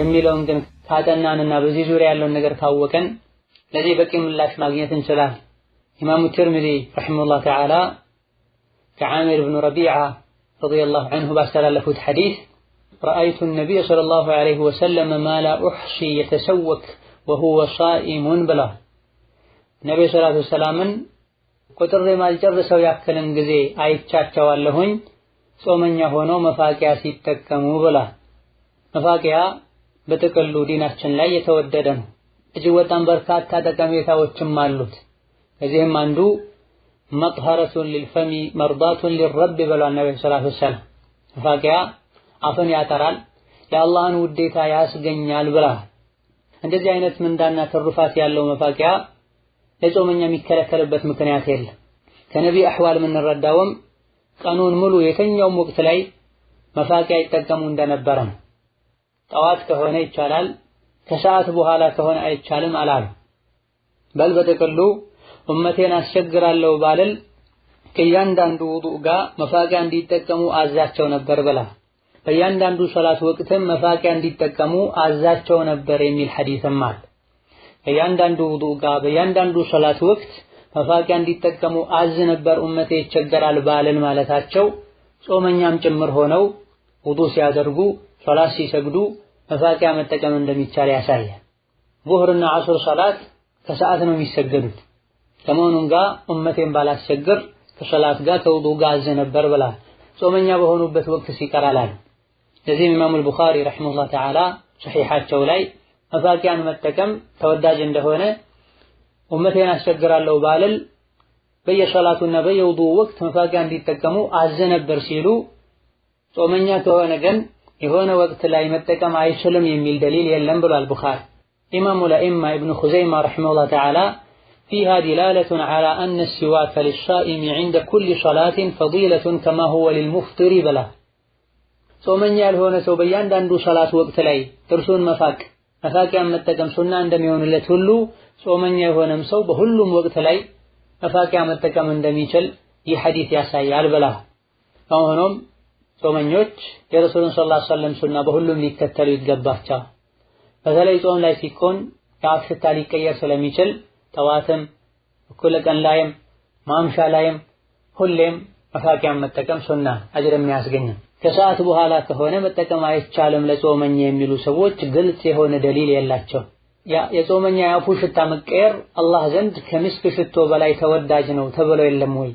የሚለውን ግን ካጠናንና በዚህ ዙሪያ ያለውን ነገር ካወቀን ለዚህ በቂ ምላሽ ማግኘት እንችላለን። ኢማሙ ትርሚዚ ረሒመሁላህ ተዓላ ከዓሚር ብኑ ረቢዓ ረዲየላሁ ዐንሁ ባስተላለፉት ሐዲስ ረአይቱ ነቢይ ሰለላሁ ዐለይሂ ወሰለም ማላ ኡሕሲ የተሰወክ ወሁወ ሳኢሙን ብለዋል። ነቢዩ ሰላቱ ወሰላምን ቁጥር የማልጨርሰው ያክልን ጊዜ አይቻቸዋለሁኝ ጾመኛ ሆኖ መፋቂያ ሲጠቀሙ ብሏል። መፋቂያ በጥቅሉ ዲናችን ላይ የተወደደ ነው። እጅግ በጣም በርካታ ጠቀሜታዎችም አሉት። ከዚህም አንዱ መጥሀረቱን ሊልፈሚ መርዳቱን ሊረብ ብሏል ነቢ ሰላቱ ሰላም። መፋቂያ አፍን ያጠራል፣ የአላህን ውዴታ ያስገኛል ብለዋል። እንደዚህ አይነት ምንዳና ትሩፋት ያለው መፋቂያ ለጾመኛ የሚከለከልበት ምክንያት የለም። ከነቢ አሕዋል የምንረዳውም ቀኑን ሙሉ የተኛውም ወቅት ላይ መፋቂያ ይጠቀሙ እንደነበረ ነው። ጠዋት ከሆነ ይቻላል፣ ከሰዓት በኋላ ከሆነ አይቻልም አላሉ። በል በጥቅሉ ኡመቴን አስቸግራለሁ ባልል ከእያንዳንዱ ውዱእ ጋር መፋቂያ እንዲጠቀሙ አዛቸው ነበር ብላ በእያንዳንዱ ሰላት ወቅትም መፋቂያ እንዲጠቀሙ አዛቸው ነበር የሚል ሐዲስም አለ። በእያንዳንዱ ውዱእ ጋር በእያንዳንዱ ሰላት ወቅት መፋቂያ እንዲጠቀሙ አዝ ነበር ኡመቴ ይቸገራል ባልል ማለታቸው ጾመኛም ጭምር ሆነው ውዱእ ሲያደርጉ ሶላት ሲሰግዱ መፋቂያ መጠቀም እንደሚቻል ያሳያል። ዙህርና አሱር ሶላት ከሰዓት ነው የሚሰገዱት። ከመሆኑም ጋር ኡመቴን ባላስቸግር ከሶላት ጋር ተውዱ ጋር አዝ ነበር ብለዋል። ጾመኛ በሆኑበት ወቅት ሲቀራላል። ለዚህም ኢማሙል ቡኻሪ ረሒመሁላህ ተዓላ ሰሒሓቸው ላይ መፋቂያን መጠቀም ተወዳጅ እንደሆነ ኡመቴን አስቸግራለሁ ባልል በየሶላቱና በየውዱ ወቅት መፋቂያ እንዲጠቀሙ አዘ ነበር ሲሉ ጾመኛ ከሆነ ግን يهون وقت لا يمتكم عايش لهم يميل دليل يلم بلا البخار إمام الأئمة ابن خزيمة رحمه الله تعالى فيها دلالة على أن السواك للشائم عند كل صلاة فضيلة كما هو للمفطر بلا ومن يال هون سو بيان داندو صلاة وقت لاي ترسون مفاك مفاك أم متكم سنة عندما يون لتهلو ومن يال هون سو بهلوم وقت لاي مفاك أم متكم عندما يحديث يا سيال بلا فهونهم ጾመኞች የረሱሉን ሰለላሁ ዐለይሂ ወሰለም ሱና በሁሉም ሊከተሉ ይገባቸዋል። በተለይ ጾም ላይ ሲኮን የአፍ ሽታ ሊቀየር ስለሚችል ጠዋትም እኩለ ቀን ላይም ማምሻ ላይም ሁሌም መፋቂያን መጠቀም ሱና አጅር የሚያስገኝ ከሰዓት በኋላ ከሆነ መጠቀም አይቻልም ለጾመኛ የሚሉ ሰዎች ግልጽ የሆነ ደሊል የላቸው። የጾመኛ የአፉ ሽታ መቀየር አላህ ዘንድ ከሚስክ ሽቶ በላይ ተወዳጅ ነው ተብሎ የለም ወይ?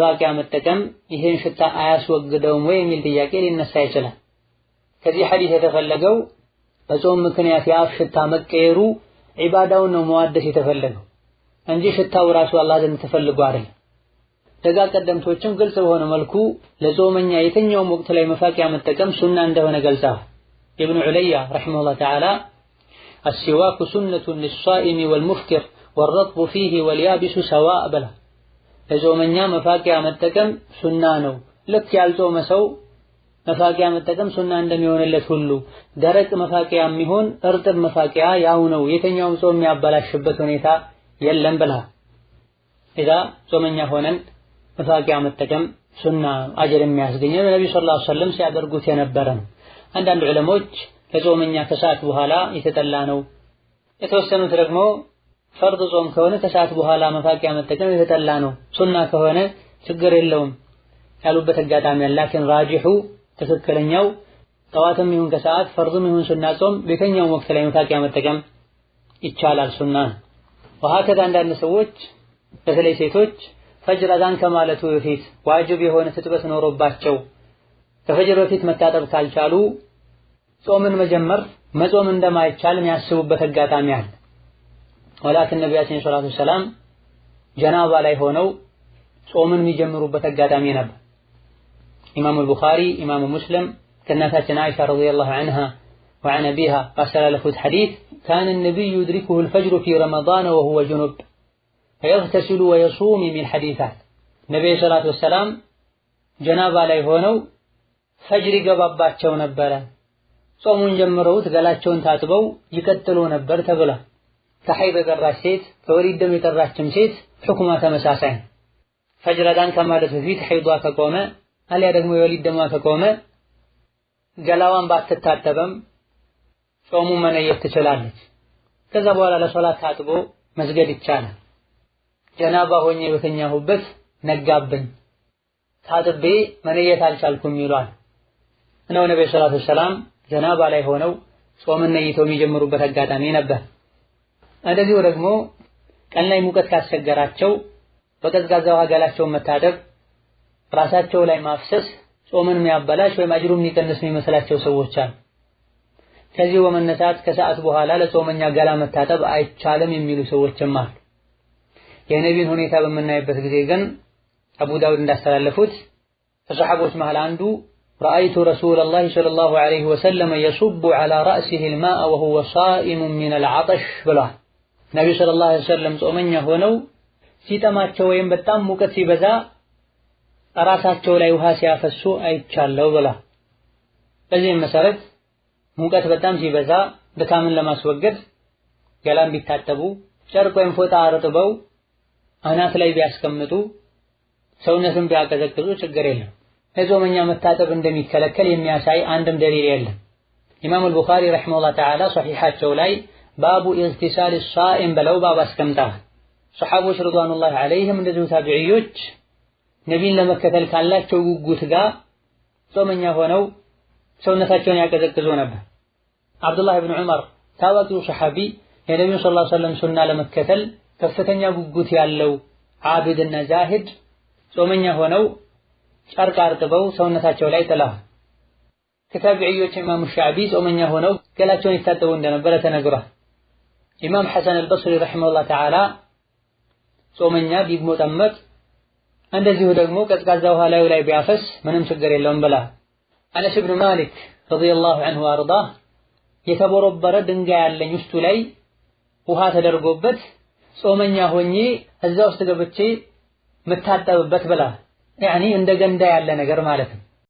መዋቂያ መጠቀም ይህን ሽታ አያስወግደውም ወይ የሚል ጥያቄ ሊነሳ ይችላል። ከዚህ ሐዲስ የተፈለገው በጾም ምክንያት የአፍ ሽታ መቀየሩ ዒባዳውን ነው መዋደስ የተፈለገው እንጂ ሽታው ራሱ አላህ ዘንድ ተፈልጎ አይደለም። ደጋ ቀደምቶችም ግልጽ በሆነ መልኩ ለጾመኛ የትኛውም ወቅት ላይ መፋቂያ መጠቀም ሱና እንደሆነ ገልጸዋል። ኢብኑ ዑለያ ረሒመሁላህ ተዓላ አሲዋኩ ሱነቱን ሊሳኢሚ ወልሙፍጢር ወረጥቡ ፊሂ ወልያቢሱ ሰዋእ ብለዋል። ለጾመኛ መፋቂያ መጠቀም ሱና ነው። ልክ ያልጾመ ሰው መፋቂያ መጠቀም ሱና እንደሚሆንለት ሁሉ ደረቅ መፋቂያ የሚሆን እርጥብ መፋቂያ ያው ነው። የተኛውም ጾም የሚያበላሽበት ሁኔታ የለም ብላ እዛ ጾመኛ ሆነን መፋቂያ መጠቀም ሱና አጀር የሚያስገኘው ነብዩ ሰለላሁ ዐለይሂ ወሰለም ሲያደርጉት የነበረ ነው። አንዳንድ ዑለሞች ለጾመኛ ከሰዓት በኋላ የተጠላ ነው። የተወሰኑት ደግሞ ፈርድ ጾም ከሆነ ከሰዓት በኋላ መፋቂያ መጠቀም የተጠላ ነው። ሱና ከሆነ ችግር የለውም ያሉበት አጋጣሚ አለ። ላኪን ራጂሑ ትክክለኛው ጠዋትም ይሁን ከሰዓት ፈርድም ይሁን ሱና ጾም በየትኛውም ወቅት ላይ መፋቂያ መጠቀም ይቻላል። ሱና ወሀከዛ አንዳንድ ሰዎች በተለይ ሴቶች ፈጅር አዛን ከማለቱ በፊት ዋጅብ የሆነ ትጥበት ኖሮባቸው ከፈጅር በፊት መታጠብ ካልቻሉ ጾምን መጀመር መጾም እንደማይቻል የሚያስቡበት አጋጣሚ አለ። ኋላትን ነቢያችን ሰላቱ ሰላም ጀናባ ላይ ሆነው ጾምን የሚጀምሩበት አጋጣሚ ነበር። ኢማሙ ቡኻሪ፣ ኢማሙ ሙስሊም ከእናታችን አይሻ ረዲየላሁ ዐንሃ ወዐን አቢሃ ባስተላለፉት ሐዲስ ካነ ነቢዩ ዩድሪኩሁ አልፈጅሩ ፊ ረመዳን ወሁወ ጁኑብ ፈየግተሲሉ ወየሱም የሚል ሐዲሳት ነቢዩ ሰላቱ ወሰላም ጀናባ ላይ ሆነው ፈጅር ይገባባቸው ነበረ። ጾሙን ጀምረውት ገላቸውን ታጥበው ይቀጥሉ ነበር ተብሏል። ከሐይድ የጠራች ሴት ከወሊድ ደም የቀራችም ሴት ሕኩማ ተመሳሳይ ነው። ፈጅር አዳን ከማለት በፊት ሐይዷ ከቆመ አሊያ ደግሞ የወሊድ ደሟ ከቆመ ገላዋን ባትታጠበም ጾሙ መነየት ትችላለች። ከዛ በኋላ ለሶላት ታጥቦ መስገድ ይቻላል። ጀናባ ሆኜ በተኛሁበት ነጋብኝ፣ ታጥቤ መነየት አልቻልኩም ይሏል። እናው ነብዩ ሰለላሁ ጀናባ ላይ ሆነው ጾምን ነይተው የሚጀምሩበት አጋጣሚ ነበር። እንደዚሁ ደግሞ ቀን ላይ ሙቀት ካስቸገራቸው በቀዝቃዛ ውሃ መታደብ መታጠብ፣ ራሳቸው ላይ ማፍሰስ ጾምን የሚያበላሽ ወይም አጅሩን የሚቀንስ የሚመስላቸው ሰዎች አሉ። ከዚህ በመነሳት ከሰዓት በኋላ ለጾመኛ ገላ መታጠብ አይቻልም የሚሉ ሰዎችም አሉ። የነቢን ሁኔታ በምናይበት ጊዜ ግን አቡ ዳውድ እንዳስተላለፉት ከሰሐቦች መሃል አንዱ ረአይቱ ረሱለላሂ ሰለላሁ ዐለይሂ ወሰለም የሱቡ ዐላ ረእሲሂል ማአ ወሁወ ሳኢሙን ሚነል ዐጠሽ ብሏል። ነቢዩ ሰለላሁ ዐለይሂ ወሰለም ጾመኛ ሆነው ሲጠማቸው ወይም በጣም ሙቀት ሲበዛ ራሳቸው ላይ ውሃ ሲያፈሱ አይቻለው ብላ። በዚህም መሰረት ሙቀት በጣም ሲበዛ ድካምን ለማስወገድ ገላም ቢታጠቡ፣ ጨርቅ ወይም ፎጣ አርጥበው አናት ላይ ቢያስቀምጡ፣ ሰውነትን ቢያቀዘቅዙ ችግር የለም። የጾመኛ መታጠብ እንደሚከለከል የሚያሳይ አንድም ደሊል የለም። ኢማም አልቡኻሪ ረሂመሁላህ ተዓላ ሶሒሓቸው ላይ ባቡ ኢግቲሳል ሷኢም ብለው ባብ አስቀምጠዋል። ሰሓቦች ረድዋኑላሂ ዐለይሂም እንደዚሁ ታቢዕዮች ነቢን ለመከተል ካላቸው ጉጉት ጋር ጾመኛ ሆነው ሰውነታቸውን ያቀዘቅዙ ነበር። አብዱላህ ብን ዑመር ታዋቂው ሰሓቢ የነቢዩ ሰለላሁ ዐለይሂ ወሰለም ሱና ለመከተል ከፍተኛ ጉጉት ያለው ዓቢድና ዛሂድ ጾመኛ ሆነው ጨርቅ አርጥበው ሰውነታቸው ላይ ጥለዋል። ከታቢዕዮች ኢማሙ ሻዕቢ ጾመኛ ሆነው ገላቸውን ይታጠቡ እንደነበረ ተነግሯል። ኢማም ሐሰን አልበስሪ ረሒመሁላህ ተዓላ ጾመኛ ቢሞጠመጥ እንደዚሁ ደግሞ ቀዝቃዛ ውሃ ላዩ ላይ ቢያፈስ ምንም ችግር የለውም ብላ አነስ ብኑ ማሊክ ረዲየላሁ አንሁ አርዳ የተቦረበረ ድንጋይ ያለኝ ውስጡ ላይ ውሃ ተደርጎበት ጾመኛ ሆኜ እዛ ውስጥ ገብቼ የምታጠብበት ብላ ያኒ እንደ ገንዳ ያለ ነገር ማለት ነው።